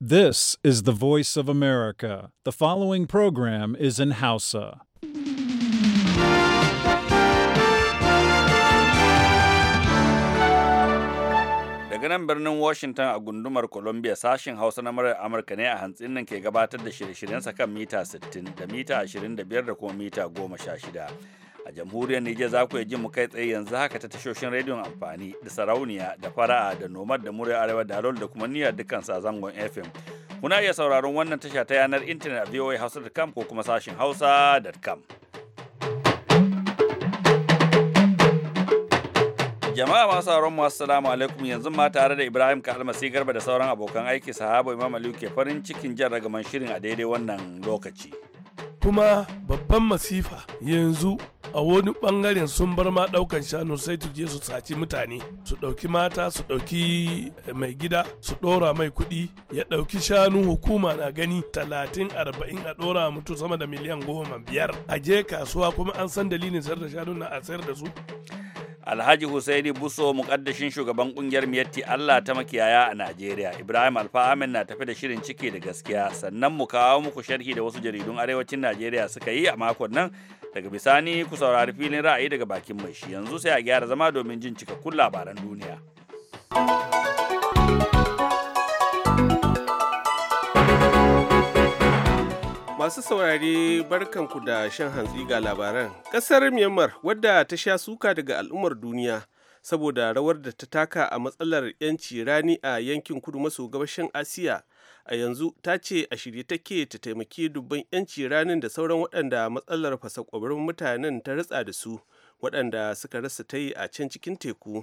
This is the voice of America. The following program is in Hausa. Daga nan birnin Washington a gundumar Columbia sashen Hausa na murar Amurka ne a hantsin nan ke gabatar da shirye-shiryensa kan mita 60 da mita 25 da kuma mita 16. a jamhuriyar Nijar za ku ji mu kai tsaye yanzu haka ta tashoshin rediyon amfani da sarauniya da fara'a da nomad da murya arewa da da kuma niyyar dukkan zangon FM. Kuna iya sauraron wannan tasha ta yanar intanet a voahouse.com ko kuma sashin hausa.com. jama'a masu sauran masu salamu alaikum yanzu ma tare da ibrahim ka almasi garba da sauran abokan aiki sahabo imam aliyu ke farin cikin jan ragaman shirin a daidai wannan lokaci kuma babban masifa yanzu a wani bangaren sun bar ma daukan shanu sai su je su saci mutane su dauki mata su dauki eh, mai gida su dora mai kudi ya dauki shanu hukuma na gani talatin arba'in a dora mutu sama da miliyan goma biyar a je kasuwa kuma an san dalilin sayar da shanu na a sayar da su alhaji husaini buso mukaddashin shugaban kungiyar miyatti allah ta makiyaya a najeriya ibrahim alfa amin na tafi da shirin ciki da gaskiya sannan mu kawo muku sharhi da wasu jaridun arewacin najeriya suka yi a makon nan daga bisani ku saurari filin ra'ayi daga bakin mai shi yanzu sai a gyara zama domin jin cikakkun labaran duniya masu saurare barkanku da shan hantsi ga labaran. ƙasar Myanmar wadda ta sha suka daga al'ummar duniya saboda rawar da ta taka a matsalar 'yanci rani a yankin kudu maso gabashin Asiya a yanzu ta ce a shirye take ta taimaki dubban 'yanci ranin da sauran waɗanda matsalar ƙwabarin mutanen ta ritsa da su waɗanda suka rasa ta yi a can cikin teku.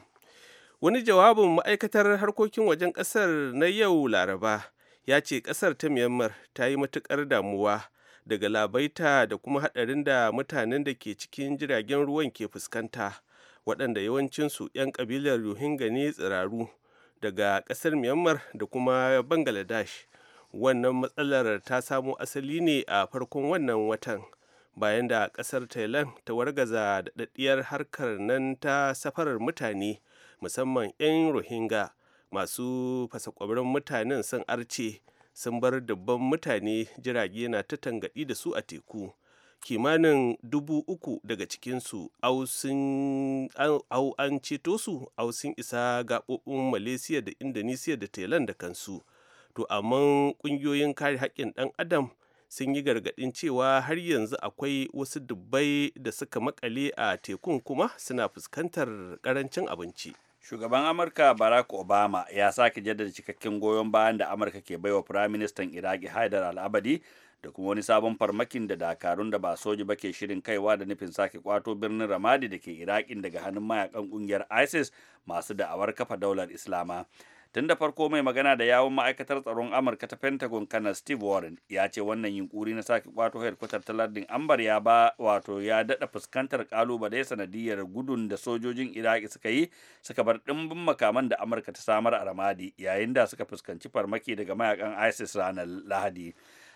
Wani jawabin ma'aikatar harkokin wajen ƙasar na yau Laraba. ya ce ƙasar ta myanmar ta yi matukar damuwa daga labaita da kuma haɗarin da mutanen da ke cikin jiragen ruwan ke fuskanta waɗanda yawancinsu 'yan ƙabilar rohingya ne tsiraru daga ƙasar myanmar da kuma bangladesh wannan matsalar ta samo asali ne a farkon wannan watan bayan da ƙasar thailand ta wargaza daɗaɗɗiyar harkar nan ta safarar mutane musamman 'yan rohingya masu fasakwabran mutanen sun arce sun bar dubban mutane jirage na ta tangaɗi da su a teku kimanin dubu uku daga cikinsu au an ceto su au sun isa gaɓoɓin malaysia da indonesia da thailand da kansu to amma ƙungiyoyin kare haƙƙin ɗan adam sun yi gargaɗin cewa har yanzu akwai wasu dubbai da suka makale a tekun kuma suna fuskantar ƙarancin abinci shugaban amurka barack obama ya sake jaddada cikakken goyon bayan da amurka ke baiwa firaministan iraki haidar al'abadi da kuma wani sabon farmakin da dakarun da ba soji ba ke shirin kaiwa da nufin sake kwato birnin ramadi da ke irakin daga hannun mayakan kungiyar isis masu da'awar kafa daular islama tun da farko mai magana da yawon ma'aikatar tsaron amurka ta pentagon kana steve warren ya ce wannan yunkuri na sake kwato hedkwatar ta lardin ambar ya ba wato ya daɗa fuskantar kalubale sanadiyar gudun da sojojin iraki suka yi suka bar ɗimbin makaman da amurka ta samar a ramadi yayin da suka fuskanci farmaki daga mayakan isis ranar lahadi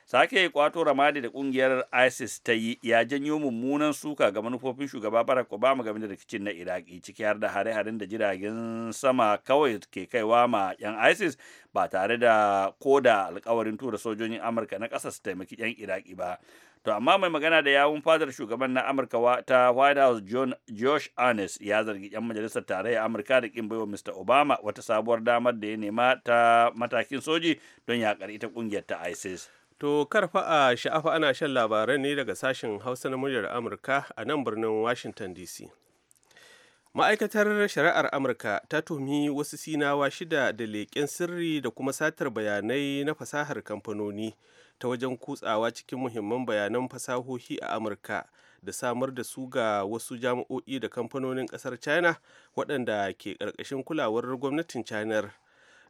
sake kwato ramadi da kungiyar isis ta yi ya janyo mummunan suka ga manufofin shugaba barack obama game da rikicin na iraki ciki har da hare-haren da jiragen sama kawai ke kaiwa ma yan isis ba tare da ko da alkawarin tura sojojin amurka na kasa su taimaki yan iraki ba to amma mai magana da yawun fadar shugaban na amurka ta white house John, josh arnes ya zargi yan majalisar tarayyar amurka da kin baiwa mr obama wata sabuwar damar da ya nema ta matakin soji don yakar ita kungiyar ta isis To karfa a sha'afa ana shan labaran ne daga sashen Hausa na muryar Amurka a nan birnin Washington DC. Ma'aikatar Shari'ar Amurka ta tuhumi wasu sinawa shida da leƙen sirri da kuma satar bayanai na fasahar kamfanoni ta wajen kutsawa cikin muhimman bayanan fasahohi a Amurka da samar da su ga wasu jami'o'i da kamfanonin ƙasar China waɗanda ke ƙarƙashin kulawar gwamnatin China.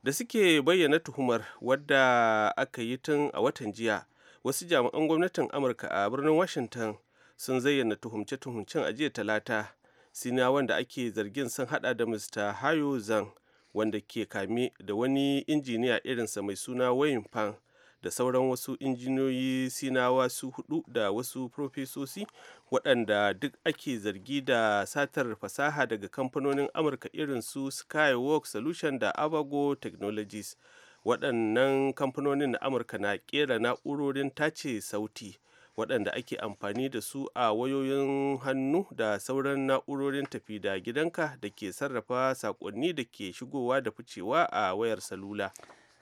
da suke bayyana tuhumar wadda aka yi tun a watan jiya wasu jami'an gwamnatin amurka a birnin washington sun zayyana tuhumce-tuhumcen a jiya talata sina wanda ake zargin sun hada da mr hayo zang wanda ke kame da wani injiniya irinsa mai suna wayne pan da sauran wasu injiniyoyi sinawa su hudu da wasu profesosi waɗanda duk ake zargi da satar fasaha daga kamfanonin amurka irin su skywalk solution da abago technologies waɗannan kamfanonin na amurka na ƙera na'urorin tace sauti waɗanda ake amfani da su a wayoyin hannu da sauran na'urorin tafi da gidanka da ke sarrafa saƙonni da ke shigowa da ficewa a wayar salula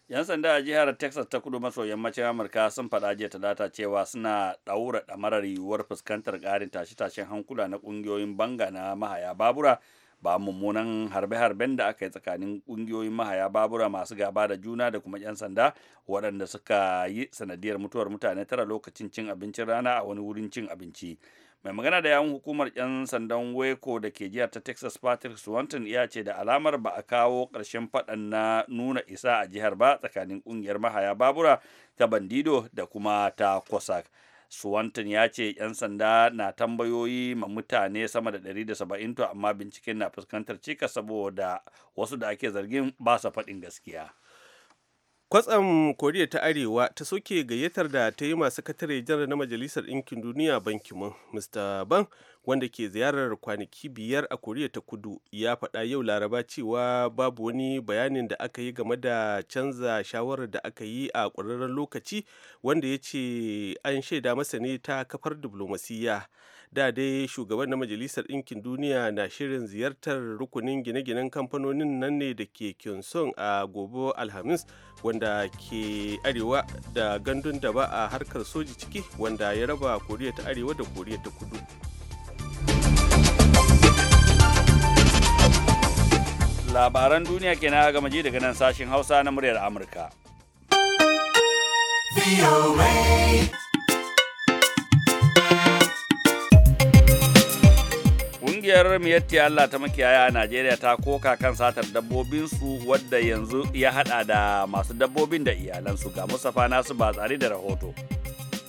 yan sanda a jihar texas ta kudu maso yammacin amurka sun faɗa jiya talata cewa suna ɗaura ɗamarar yiwuwar fuskantar ƙarin tashe-tashen hankula na kungiyoyin banga na mahaya babura ba mummunan harbe-harben da aka yi tsakanin ƙungiyoyin mahaya babura masu gaba da juna da kuma 'yan sanda waɗanda suka yi sanadiyar mutuwar mutane tara lokacin cin abincin rana a wani wurin cin abinci mai magana da yawun hukumar 'yan sandan weko da ke jihar ta texas patrick swanton ya ce da alamar ba a kawo ƙarshen faɗan na nuna isa a jihar ba tsakanin ƙungiyar mahaya babura ta bandido da kuma ta cossack Swanton ya ce 'yan sanda na tambayoyi ma mutane sama da 170 to amma binciken na fuskantar cika saboda wasu da ake zargin ba su faɗin gaskiya. kwatsam koriya ta arewa ta soke gayyatar da ta yi masu katare janar na majalisar ɗinkin duniya ban kimun mr ban wanda ke ziyarar kwanaki biyar a koriya ta kudu ya faɗa yau laraba cewa babu wani bayanin da aka yi game da canza shawarar da aka yi a ƙwararren lokaci wanda ya ce an shaida masa ne ta kafar diflomasiyya da dai shugaban na majalisar ɗinkin duniya na shirin ziyartar rukunin gine-ginen kamfanonin nan ne da ke kyonson a gobe alhamis wanda ke arewa da gandun da ba a harkar soji ciki wanda ya raba koriya ta arewa da koriya ta kudu labaran duniya ke gama ji daga nan sashen hausa na muryar amurka kungiyar Miyatti Allah ta makiyaya a Najeriya ta koka kan satar dabbobinsu wadda yanzu ya hada da masu dabbobin da iyalansu ga Mustapha Nasu ba tsari da rahoto.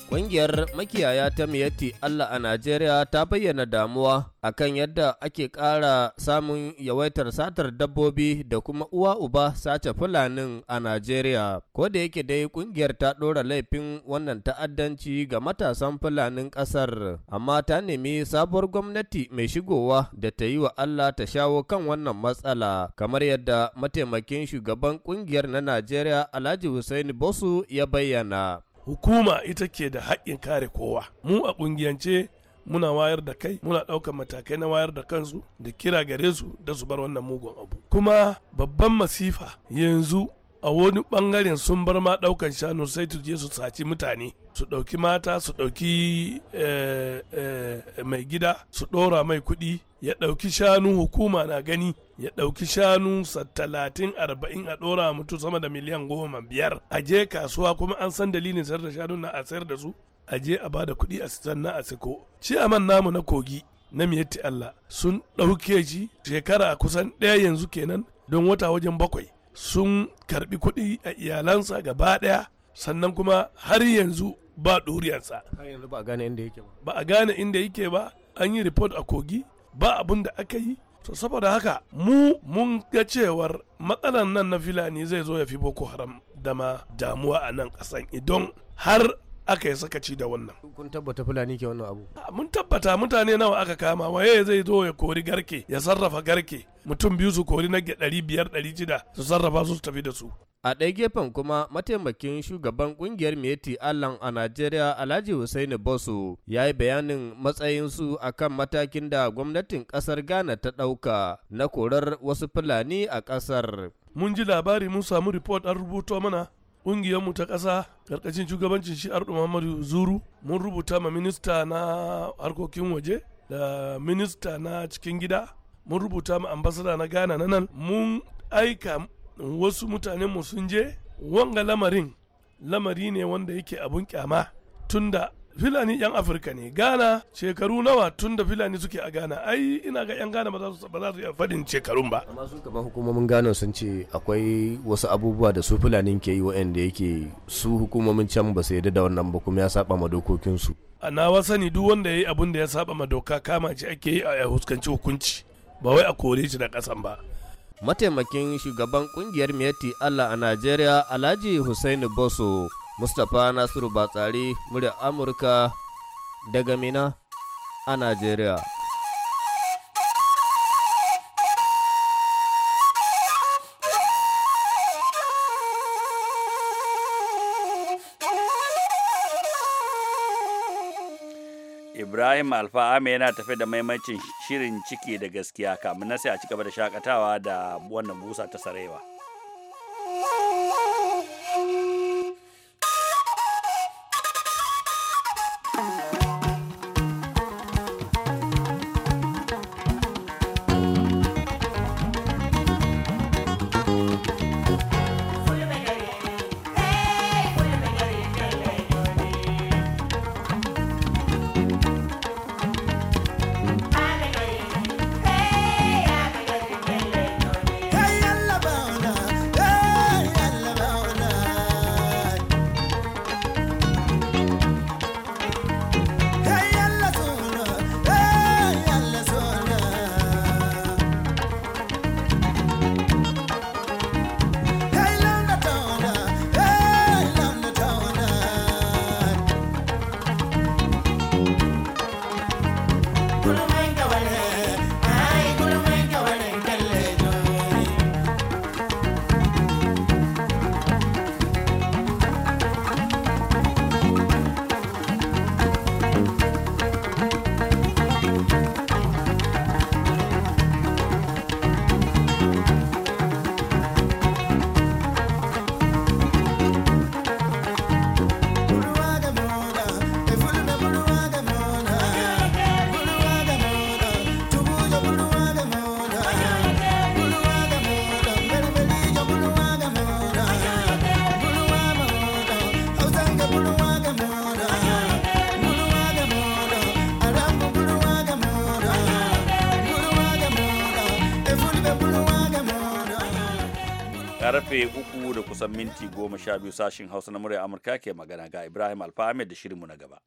Ƙungiyar makiyaya ta Miyatti Allah a Najeriya ta bayyana damuwa akan yadda ake ƙara samun yawaitar satar dabbobi da kuma uwa uba sace fulanin a Najeriya. Ko da yake dai ƙungiyar ta ɗora laifin wannan ta'addanci ga matasan fulanin ƙasar, amma ta nemi sabuwar gwamnati mai shigowa da ta yi wa Allah ta shawo kan wannan matsala, kamar yadda mataimakin shugaban ƙungiyar na Najeriya Alhaji Hussaini Bosu ya bayyana. hukuma ita ke da haƙƙin kare kowa mu a ƙungiyance muna wayar da kai muna ɗaukar matakai na wayar da kansu da kira gare su da su bar wannan mugun abu kuma babban masifa yanzu a wani ɓangaren sun bar ma ɗaukan shanu sai su je su saci mutane su ɗauki mata su ɗauki eh, eh, mai gida su ɗora mai kuɗi ya ɗauki shanu hukuma na gani ya ɗauki shanu sa talatin arba'in a ɗora mutu sama da miliyan goma biyar a je kasuwa kuma an san dalilin sayar da shanu na a sayar da su a je a bada kuɗi a sitan na a siko man namu na kogi na miyatti Allah sun ɗauke shi shekara kusan ɗaya yanzu kenan don wata wajen bakwai sun karbi kuɗi a iyalansa gaba ɗaya sannan kuma har yanzu ba ɗuriyarsa. gane inda yake ba. Ba a gane inda yake ba an yi report a kogi ba abin da aka yi to saboda haka mu mun ga cewar matsalan nan na filani zai zo ya fi boko haram dama damuwa a nan kasan idon har aka yi sakaci da wannan kun tabbata fulani ke wannan abu ah, mun tabbata mutane nawa aka kama waye zai zo ya kori garke ya sarrafa garke mutum biyu su kori na ɗari biyar ɗari jida su sarrafa su tafi da su a ɗaya gefen kuma mataimakin shugaban kungiyar meti allan a najeriya alhaji hussaini bosu ya yi bayanin matsayinsu a kan matakin da gwamnatin ƙasar ghana ta ɗauka na korar wasu fulani a ƙasar mun ji labari mun samu report an rubuto mana mu ta ƙasa karkashin shugabancin shi ardu muhammadu zuru mun rubuta ma minista na harkokin waje da minista na cikin gida mun rubuta ma ambasada na ghana na nan mun aika wasu mutanenmu sun je wanga lamarin lamari ne wanda yake abun kyama tunda Filani yan Afirka ne Ghana shekaru nawa tun da Filani suke a Ghana ai ina ga yan Ghana ba za su iya fadin shekarun ba amma sun kama hukumomin Ghana sun ce akwai wasu abubuwa da su Filani ke yi waɗanda yake su hukumomin can ba su yadda da wannan ba kuma ya saba ma dokokinsu a nawa sani duk wanda ya yi abin da ya saba ma doka kama ce ake yi a huskanci hukunci ba wai a kore shi da kasan ba mataimakin shugaban kungiyar miyati allah a najeriya alhaji hussaini boso Mustapha Nasiru Batsari murya Amurka daga Mina a Najeriya. Ibrahim Alfa Ame yana tafe da maimacin shirin ciki da gaskiya kamun na sai a ci gaba da shakatawa da wannan busa ta sarewa. kusan minti goma sha biyu sashin hausa na murya amurka ke magana ga ibrahim alfa da shirinmu na gaba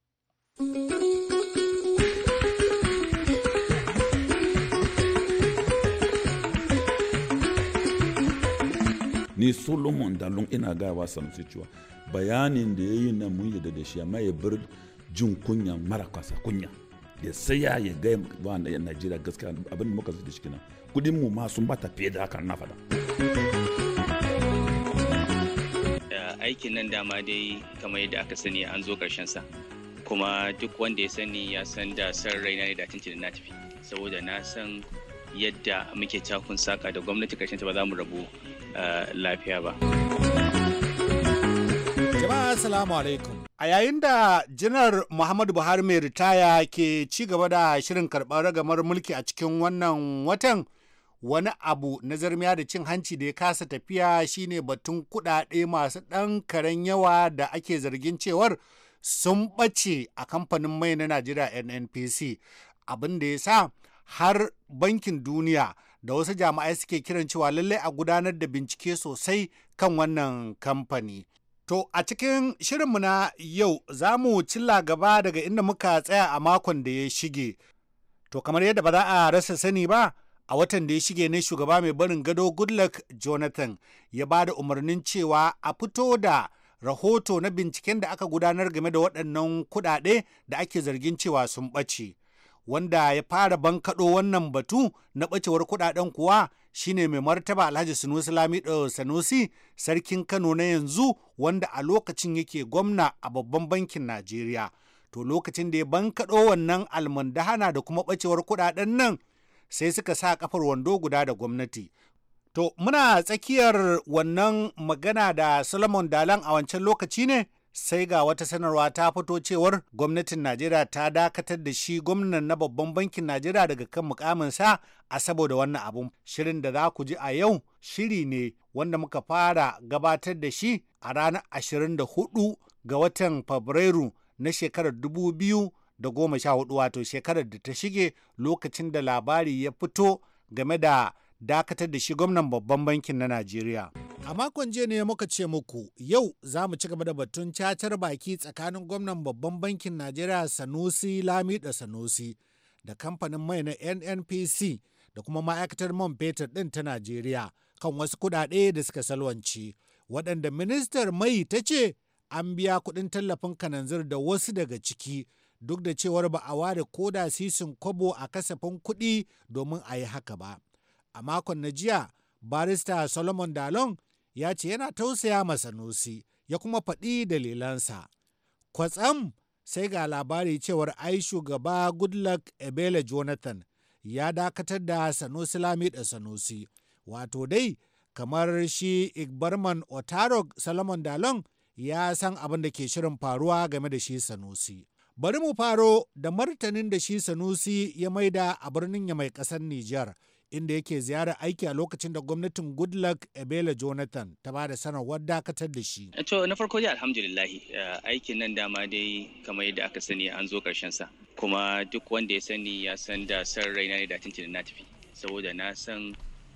ni solomon dalon ina gawa sanusi cewa bayanin da ya yi na mun yadda da shi amma ya bar jin kunya mara kwasa kunya ya saya ya gaya wa najeriya gaskiya abin da muka zai da shi kina kudin mu ma sun bata fiye da haka na faɗa. aikin nan dama dai kamar yadda aka sani an zo ƙarshen sa kuma duk wanda ya sani ya san da san raina ne da tuntuni na tafi saboda na san yadda muke cakun saka da gwamnati ƙarshen ta ba za mu rabu eh, lafiya ba. Jama'a Assalamu alaikum. A yayin da Janar Muhammadu Buhari mai ritaya ke ci gaba da shirin karɓar ragamar mulki a cikin wannan watan, wani abu na zarmiya da cin hanci da ya kasa tafiya shine batun kuɗaɗe masu ɗan karen yawa da ake zargin cewar sun ɓace a kamfanin mai na najeriya nnpc abin da ya sa har bankin duniya da wasu jami'ai suke kiran cewa lallai a gudanar da bincike sosai kan wannan kamfani To a cikin shirinmu na yau za mu cilla gaba daga inda muka tsaya a makon da ya shige. To kamar yadda ba za a rasa sani ba, a watan da ya shige ne shugaba mai barin gado goodluck jonathan ya ba da umarnin cewa a fito da rahoto na binciken da aka gudanar game da waɗannan kuɗaɗe da ake zargin cewa sun ɓace wanda ya fara bankaɗo wannan batu na ɓacewar kuɗaɗen kuwa shine mai martaba alhaji sanusi lamido sanusi sarkin kano na yanzu wanda a lokacin yake gwamna a babban bankin najeriya to lokacin da ya bankaɗo wannan almandahana da kuma ɓacewar kuɗaɗen nan sai suka sa kafar wando guda da gwamnati to muna tsakiyar wannan magana da solomon dalan a wancan lokaci ne sai ga wata sanarwa ta fito cewar gwamnatin najeriya ta dakatar da shi gwamnan na babban bankin najeriya daga kan mukaminsa a saboda wannan abun shirin da za ku ji a yau shiri ne wanda muka fara gabatar da shi a ranar 24 ga watan fabrairu na shekarar 2000 da goma sha hudu wato shekarar da ta shige lokacin da labari ya fito game da dakatar da shi gwamnan babban bankin na Najeriya. A makon jiya ne muka ce muku yau za mu ci gaba da batun cacar baki tsakanin gwamnan babban bankin Najeriya Sanusi Lami da Sanusi da kamfanin mai na NNPC da kuma ma'aikatar man fetur ɗin ta Najeriya kan wasu kuɗaɗe da suka salwanci waɗanda ministar mai ta ce an biya kuɗin tallafin kananzir da wasu daga ciki duk da cewar ba a ware koda sisin kwabo a kasafin kuɗi domin a yi haka ba. A makon na jiya, barista Solomon Dalon ya ce yana tausaya ma Sanusi ya kuma faɗi dalilansa. Kwatsam sai ga labari cewar ai shugaba Goodluck Ebele Jonathan ya dakatar da Sanusi Lami da Sanusi. Wato dai, kamar shi Igbarman Otarok Solomon Dalon ya san abin da ke shirin faruwa game da shi Sanusi. Bari mu faro da martanin da shi Sanusi ya maida a birnin ya mai kasar Nijar, inda yake ziyarar aiki a lokacin da gwamnatin Goodluck Ebele Jonathan ta ba da sanarwar dakatar da shi. To na farko dai alhamdulillahi eh, aikin nan dama dai kamar yadda aka sani an zo ƙarshen sa. Kuma duk wanda ya sani ya san da san raina ne da tuntuni na tafi. Saboda na san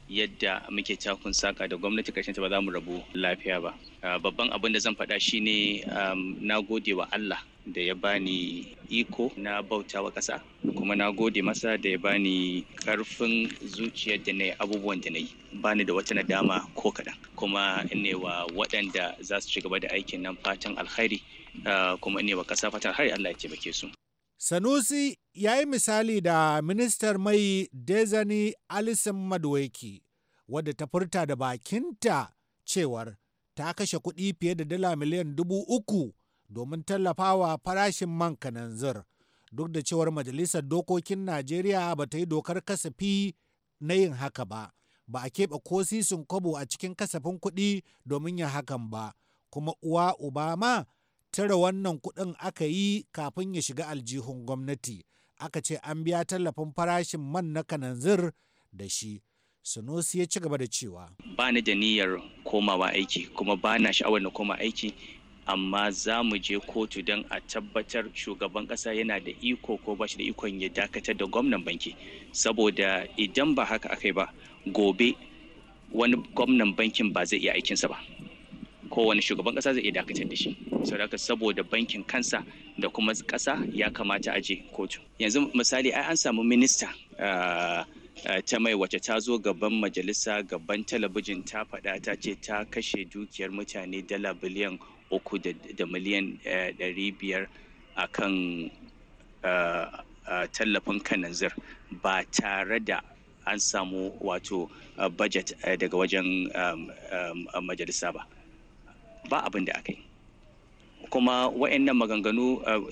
yadda muke cakun saka da gwamnati karshen ta ba za mu rabu lafiya ba eh, babban abin da zan faɗa shine um, na gode wa Allah da ya bani iko na bauta wa ƙasa kuma na gode masa da ya bani ƙarfin zuciyar da na yi abubuwan da na yi bani da wata nadama ko kaɗan kuma ne wa waɗanda za su ci gaba da aikin nan fatan alkhairi ah, kuma ne wa ƙasa fatan alkhairi Allah ya taimake su. Sanusi ya yi misali da ministar mai Dezani Alison Madweki wadda ta furta da bakinta cewar ta kashe kuɗi fiye da dala miliyan dubu uku domin tallafawa farashin man kananzir duk da cewar majalisar dokokin najeriya ba ta yi dokar kasafi na yin haka ba ba a keɓe ko sisin kwabo a cikin kasafin kuɗi domin yin hakan ba kuma uwa Obama ma tare wannan kuɗin aka yi kafin ya shiga aljihun gwamnati aka ce an biya tallafin farashin man na kananzir da shi Sunusi ya ci gaba da cewa. Ba ni da niyyar komawa aiki kuma ba na sha'awar na koma aiki amma za mu je kotu don a tabbatar shugaban kasa yana da iko ko ba shi da ikon ya dakatar da gwamnan banki saboda idan ba haka aka yi ba gobe wani gwamnan bankin ba zai iya aikinsa ba kowane shugaban kasa zai iya dakatar da shi saboda saboda bankin kansa da kuma kasa ya kamata a je kotu yanzu misali ai an samu minista ah, ah, ta mai wace ta zo gaban majalisa gaban talabijin ta faɗa ta ce ta kashe dukiyar mutane dala biliyan uku da miliyan eh, ɗari biyar a kan eh, eh, tallafin kananzir ba tare da an samu wato budget daga wajen um, um, majalisa ba ba abin da aka yi kuma wa'annan maganganu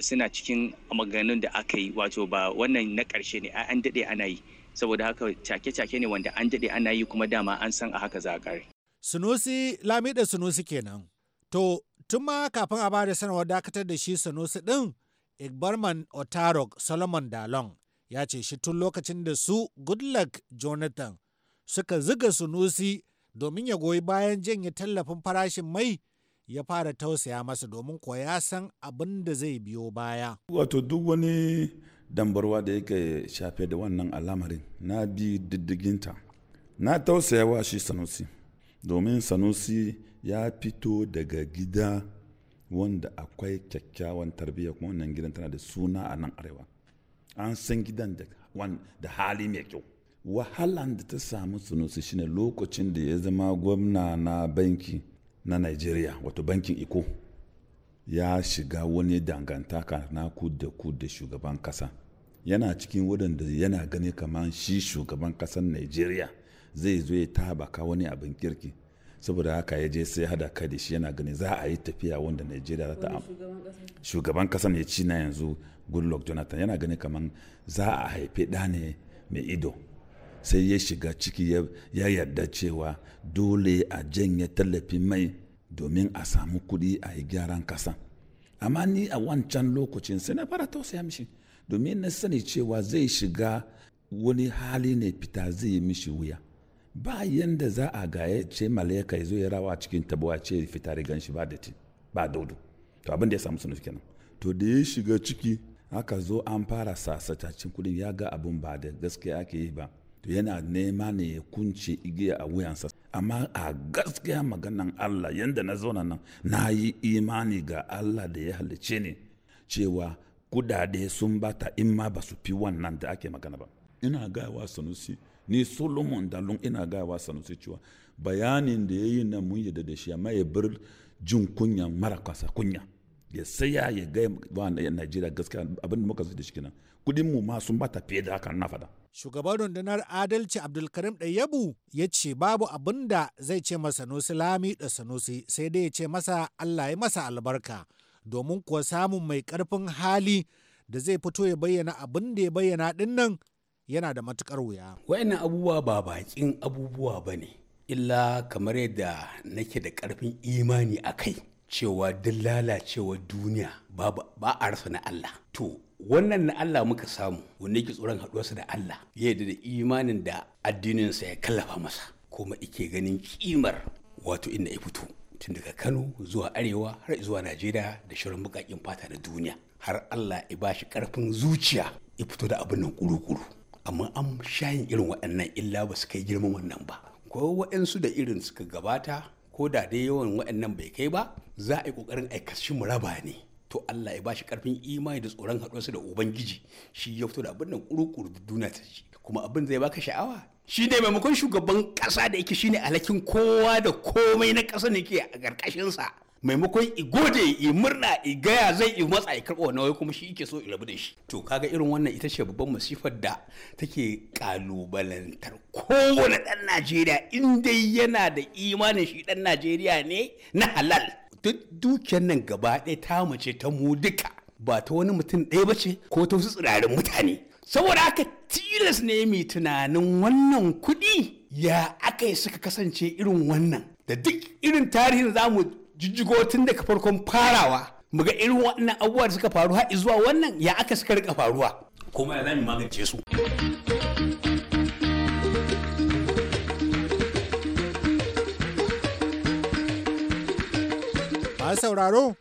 suna cikin maganganun da aka yi wato ba wannan na ƙarshe ne an daɗe ana yi saboda haka take-take ne wanda an daɗe ana yi kuma dama an san a haka za a ƙare. sunusi lamida sunusi kenan to Tun ma kafin a bada sanarwar dakatar da shi Sanusi ɗin, Igbarman Otarok Solomon Dalon ya ce shi tun lokacin da su Goodluck Jonathan suka ziga Sanusi domin ya goyi bayan janye tallafin farashin mai ya fara tausaya masa domin ko ya san abin da zai biyo baya. Wato duk wani dambarwa da yake shafe da wannan al'amarin na bi diddiginta. Na tausaya shi Sanusi domin Sanusi ya fito daga gida wanda akwai kyakkyawan tarbiyya kuma wannan gidan tana da suna a nan arewa an san gidan da hali mai kyau wahalan da ta samu sunusi shine lokacin da ya zama gwamna na banki na nigeria wato bankin iko ya shiga wani dangantaka na da ku da shugaban kasa yana cikin waɗanda yana gani kamar shi shugaban kasar nigeria zai zo ya tabaka wani abin kirki saboda haka ya je sai hada kai da shi yana gani za a yi tafiya wanda Najeriya za ta shugaban kasa ne ci na yanzu Goodluck Jonathan yana gani kaman za a haifi da ne mai ido sai ya shiga ciki ya yarda cewa dole a janye tallafi mai domin a samu kuɗi a yi gyaran kasa amma ni a wancan lokacin sai na fara tausaya mishi domin na sani cewa zai shiga wani hali ne fita zai yi mishi wuya ba yanda za a gaya ce malaika ya zo ya rawa cikin tabuwa ce fita rigan shi ba datti ba daudu to abin da ya samu sunu kenan to da ya shiga ciki aka zo an fara sasatacin kudin ya ga abun ba da gaskiya ake yi ba to yana nema ne ya kunce igiya a wuyansa amma a gaskiya maganan Allah yanda na zauna nan na yi imani ga Allah da ya halice ne cewa kudade sun bata in ma ba su fi wannan da ake magana ba ina gawa sanusi ni solomon dalon ina gawa sanusi cewa bayanin da ya yi na mun yi da shi amma ya bir jin kunya mara kwasa kunya ya saya ya gaya wa najeriya gaskiya abin da muka da shi kenan kudin mu ma sun bata fiye da haka na fada shugaban rundunar adalci abdulkarim ɗayyabu ya ce babu abin da zai ce masa sanusi lami da sanusi sai dai ya ce masa allah ya masa albarka domin kuwa samun mai karfin hali da zai fito ya bayyana abin da ya bayyana dinnan yana da matukar wuya. Wa'annan abubuwa ba bakin abubuwa ba ne, illa kamar yadda nake da ƙarfin imani a kai cewa duk lalacewar duniya ba a rasa na Allah. To, wannan na Allah muka samu wanda yake tsoron haɗuwarsa da Allah ya yarda da imanin da addininsa ya kallafa masa kuma ike ganin kimar wato inda ya fito tun daga Kano zuwa Arewa har zuwa Najeriya da shirin bukakin fata na duniya har Allah ya bashi karfin zuciya ya fito da abin nan kuru-kuru. amma an shayin irin waɗannan illa ba su kai girman wannan ba ko waɗansu da irin suka gabata ko da dai yawan waɗannan bai kai ba za a yi ƙoƙarin aikacin mu raba ne to Allah ya ba shi karfin imani da tsoron haɗuwarsa da ubangiji shi ya fito da abin nan kurukuru da duniya ta ji kuma abin zai baka sha'awa shi ne maimakon shugaban ƙasa da yake shine alhakin kowa da komai na ƙasa ne ke a ƙarƙashinsa maimakon i gode i murna i gaya zai i matsa i karɓo wannan wai kuma shi yake so i rabu da shi to kaga irin wannan ita ce babban masifar da take kalubalantar kowane ɗan Najeriya in dai yana da imanin shi ɗan Najeriya ne na halal duk dukiyar nan gaba ɗaya ta mace ta mu duka ba ta wani mutum ɗaya ba ce ko ta wasu tsirarin mutane saboda aka tilas ne mai tunanin wannan kuɗi ya aka yi suka kasance irin wannan da duk irin tarihin zamu. jijjigo tun daga farkon farawa mu ga irin waɗannan abubuwa da suka faru har zuwa wannan ya aka suka rika faruwa kuma za mu magance su Ba sauraro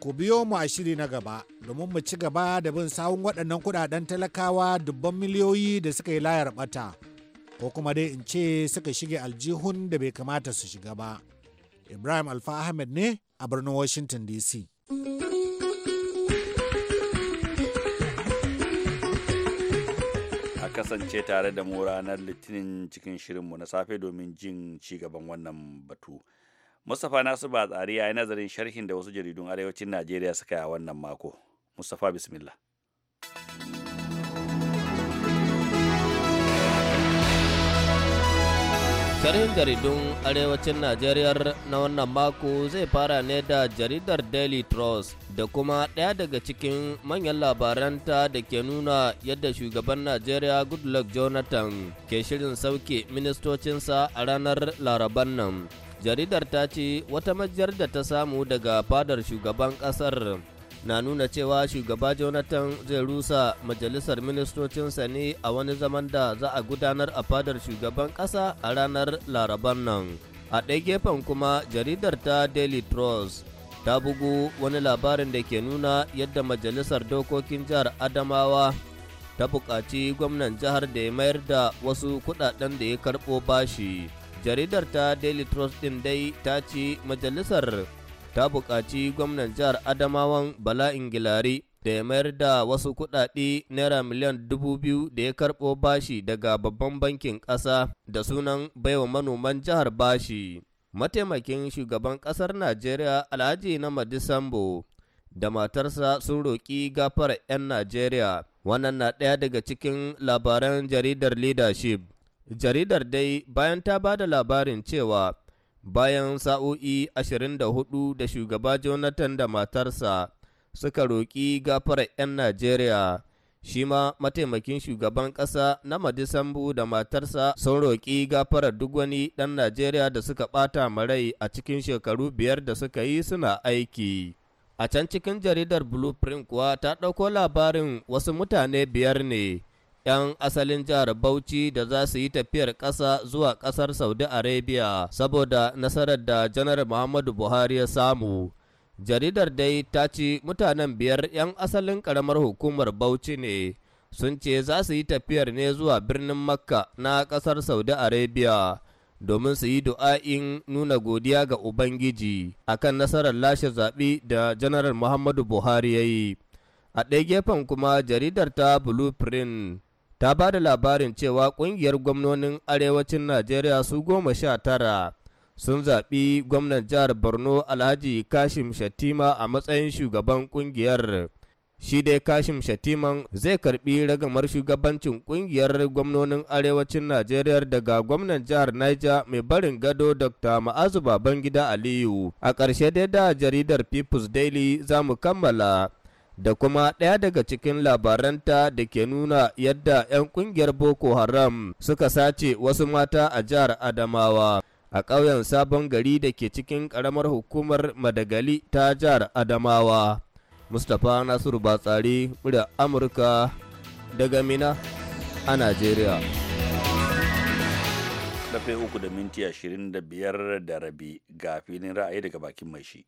ku biyo mu a shiri na gaba domin mu ci gaba da bin sawun waɗannan kuɗaɗen talakawa dubban miliyoyi da suka yi layar ɓata ko kuma dai in ce suka shige aljihun da bai kamata su shiga ba. Ibrahim Alfa Ahmed ne a birnin Washington DC. A kasance tare da mu ranar Litinin cikin shirinmu na safe domin jin ci gaban wannan batu. Mustapha Nasu ba tsari ya yi nazarin sharhin da wasu jaridun arewacin Najeriya suka yi a wannan mako. Mustapha Bismillah. Sharhin jaridun Arewacin Najeriya na wannan mako zai fara ne da jaridar Daily Trust da kuma ɗaya daga cikin manyan labaranta da ke nuna yadda shugaban Najeriya Goodluck Jonathan ke shirin sauke ministocinsa a ranar Laraban nan. Jaridar ta ce wata majiyar da ta samu daga fadar shugaban ƙasar na nuna cewa shugaba jonathan zai rusa majalisar ministocinsa ne a wani zaman da za a gudanar a fadar shugaban Kasa a ranar laraban nan a ɗaya gefen kuma jaridar ta daily trust ta bugu wani labarin da ke nuna yadda majalisar dokokin jihar adamawa ta buƙaci gwamnan jihar da ya mayar da wasu kuɗaɗen da ya karɓo bashi jaridar ta daily trust ɗin dai ta ce majalisar ta buƙaci gwamnan jihar Adamawan Bala Ingilari da ya mayar da wasu kuɗaɗe naira miliyan dubu biyu da ya karɓo bashi daga babban bankin ƙasa da sunan baiwa manoman jihar bashi. Mataimakin shugaban ƙasar Najeriya Alhaji na Sambo, da matarsa sun roƙi gafara 'yan Najeriya. Wannan na ɗaya daga cikin labaran jaridar leadership. Jaridar dai bayan ta ba da labarin cewa bayan sa'o'i ashirin da da shugaba Jonathan da matarsa suka roƙi gafarar 'yan Najeriya. Shi ma mataimakin shugaban ƙasa na Madisambu da matarsa sun roƙi gafarar duk wani ɗan Najeriya da suka ɓata marai a cikin shekaru biyar da suka yi suna aiki. A can cikin jaridar Blueprint kuwa ta ɗauko labarin wasu mutane biyar ne 'yan asalin jihar Bauchi da za su yi tafiyar ƙasa zuwa ƙasar Saudi Arabia saboda nasarar da Janar Muhammadu Buhari ya samu. Jaridar dai ta ce mutanen biyar 'yan asalin ƙaramar hukumar Bauchi ne sun ce za su yi tafiyar ne zuwa birnin Makka na ƙasar Saudi Arabia domin su yi du'a'in nuna godiya ga Ubangiji akan nasarar lashe zaɓe da Janar Muhammadu Buhari ya yi. A ɗaya gefen kuma jaridar ta Blueprint ta ba da labarin cewa ƙungiyar gwamnonin arewacin Najeriya su goma sha tara sun zaɓi gwamnan jihar Borno Alhaji Kashim Shatima a matsayin shugaban ƙungiyar. Shi dai Kashim Shatiman zai karɓi ragamar shugabancin ƙungiyar gwamnonin arewacin Najeriya daga gwamnan jihar Niger mai barin gado Dr. Ma'azu Babangida Aliyu. A ƙarshe dai da jaridar People's Daily za mu kammala. da kuma ɗaya daga cikin labaranta da ke nuna yadda 'yan ƙungiyar Boko Haram suka sace wasu mata a jihar Adamawa. A ƙauyen sabon gari da ke cikin ƙaramar hukumar Madagali ta jihar Adamawa. Mustapha Nasiru Batsari, murya Amurka daga Mina a Najeriya. Ƙarfe uku da minti ashirin da biyar da rabi ga filin ra'ayi daga bakin mai shi.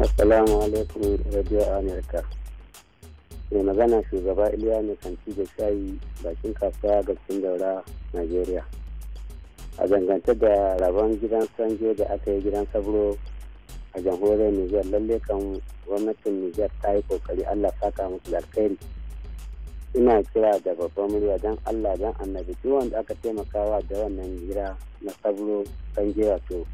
Assalamu alaikum Radio America. Mai magana shugaba Iliya kan ci da shayi bakin kasuwa ga daura nigeria A zangance da rabon gidan sanje da aka yi gidan sabro a jamhuriyar Nijar lalle kan gwamnatin Nijar ta yi kokari Allah saka musu alkhairi. Ina kira da babban murya don Allah don annabi duk wanda aka taimakawa da wannan gida na sabro sanje wato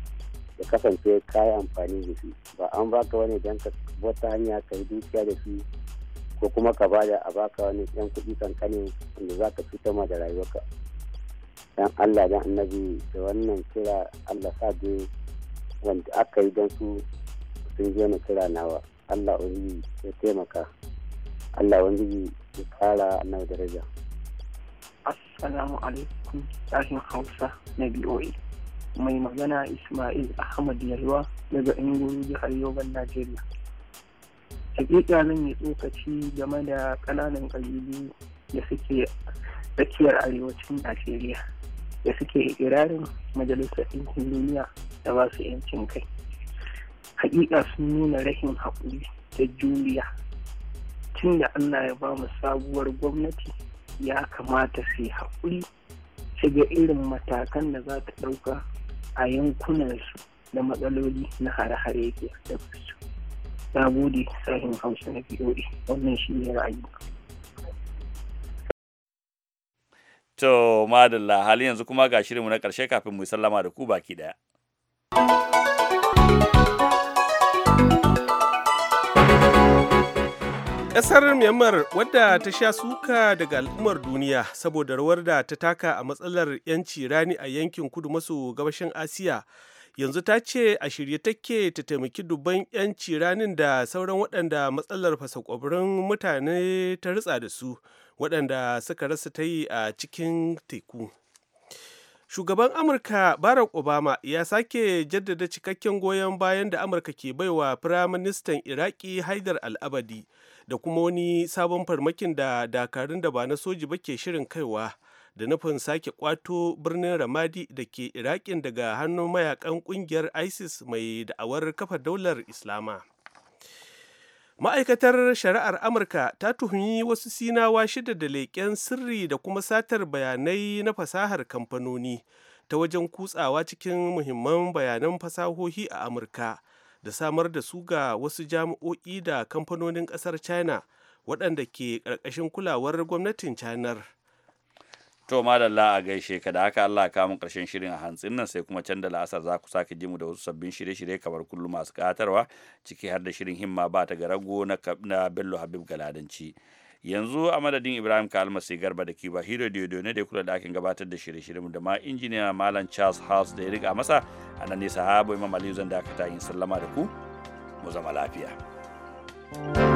ya kasance ka amfani da shi ba an baka wani don ka wata hanya ka yi dukiya da shi ko kuma ka bada a baka wani yan kuɗi kankanin wanda za ka fito ma da rayuwarka dan Allah dan annabi da wannan kira Allah sa wanda aka yi don su sun je na kira nawa Allah wani ya taimaka Allah wani ya kara na daraja assalamu alaikum sashen hausa na BOA mai magana Ismail Ahmad Yalwa daga ingoro jihar Yoban Najeriya. Hakika zan yi tsokaci game da kananan ƙabilu da suke tsakiyar arewacin Najeriya da suke ikirarin majalisar ɗinkin duniya da ba su yancin kai. Hakika sun nuna rashin haƙuri da juriya tun da Allah ya ba mu sabuwar gwamnati ya kamata su yi haƙuri shiga irin matakan da za ta ɗauka a yankunan da matsaloli na hare-hare ke da su. Na gode sahin Hausa na VOA wannan shi ne ra'ayi. To madalla hali yanzu kuma ga shirinmu na ƙarshe kafin mu sallama da ku baki ɗaya. Ƙasar Myanmar wadda ta sha suka daga al'ummar duniya saboda rawar da ta taka a matsalar 'yanci rani a yankin kudu maso gabashin Asiya yanzu ta ce a shirye take ta taimaki dubban 'yanci ranin da sauran waɗanda matsalar fasakwabirin mutane ta ritsa da su waɗanda suka rasa ta yi a cikin teku. shugaban amurka barack obama ya sake jaddada cikakken goyon bayan da amurka ke baiwa firaministan iraki haidar al'abadi da kuma wani sabon farmakin da dakarun da ba na soji ba ke shirin kaiwa da nufin sake kwato birnin ramadi da ke irakin daga hannun mayakan kungiyar isis mai da'awar kafa daular islama ma'aikatar shari'ar amurka ta tuhumi wasu sinawa shida da leƙen sirri da kuma satar bayanai na fasahar kamfanoni ta wajen kutsawa cikin muhimman bayanan fasahohi a amurka da samar da su ga wasu jami'o'i da kamfanonin kasar china waɗanda ke ƙarƙashin kulawar gwamnatin china to madalla a gaishe ka da haka allah kamu ƙarshen shirin a hantsin nan sai kuma can da la'asar za ku sake ji mu da wasu sabbin shirye-shirye kamar kullum masu ƙatarwa ciki har da shirin himma ba ta ga rago na bello habib galadanci yanzu a madadin ibrahim sai garba da kiba da diodo ne da kula da akin gabatar da shirye shirye da ma injiniya malam charles house da ya riga masa a nan nesa habu imam aliyu zan dakata yin sallama da ku mu zama lafiya thank you